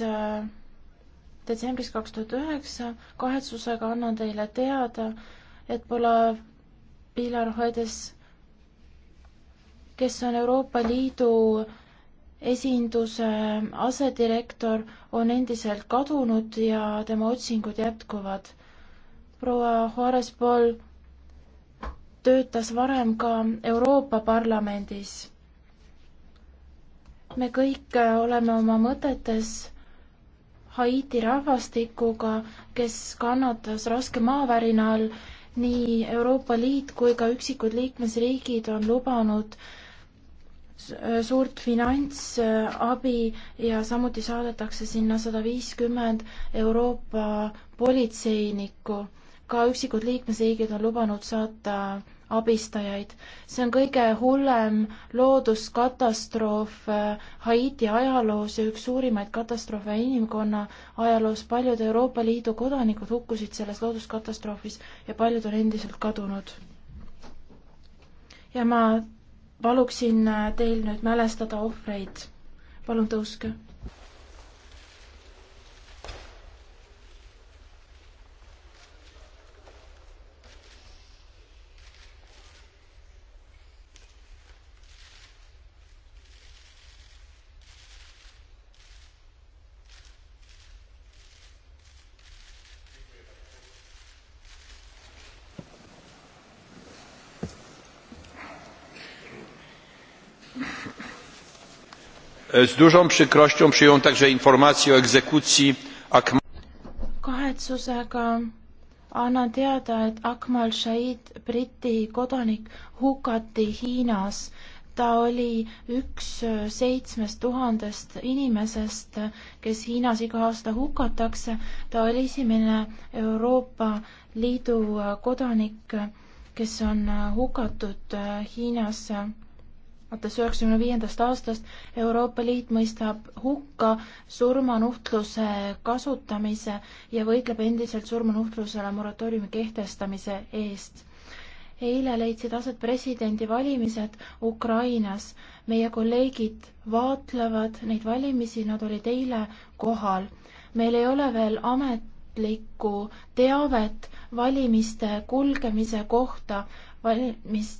Äh, detsembris kaks tuhat üheksa. kahetsusega annan teile teada, et pole Pilar Hoedes, kes on Euroopa Liidu esinduse asedirektor, on endiselt kadunud ja tema otsingud jätkuvad. proua Juarez Paul töötas varem ka Euroopa Parlamendis. me kõik äh, oleme oma mõtetes Haiti rahvastikuga, kes kannatas raske maavärina all. nii Euroopa Liit kui ka üksikud liikmesriigid on lubanud suurt finantsabi ja samuti saadetakse sinna sada viiskümmend Euroopa politseinikku. ka üksikud liikmesriigid on lubanud saata abistajaid. see on kõige hullem looduskatastroof äh, Haiti ajaloos ja üks suurimaid katastroofe inimkonna ajaloos. paljud Euroopa Liidu kodanikud hukkusid selles looduskatastroofis ja paljud on endiselt kadunud. ja ma paluksin äh, teil nüüd mälestada ohvreid. palun tõuske z dużą przykrością przyjąłem także informację o egzekucji Akmal kahetsusega annan teada, et Akmal Shaid, Briti kodanik, hukati Hiinas. ta oli üks seitsmest tuhandest inimesest, kes Hiinas iga aasta hukatakse. ta oli esimene Euroopa Liidu kodanik, kes on hukatud Hiinas alates üheksakümne viiendast aastast Euroopa Liit mõistab hukka surmanuhtluse kasutamise ja võitleb endiselt surmanuhtlusele moratooriumi kehtestamise eest. eile leidsid aset presidendivalimised Ukrainas. meie kolleegid vaatlevad neid valimisi, nad olid eile kohal. meil ei ole veel ametlikku teavet valimiste kulgemise kohta, valimist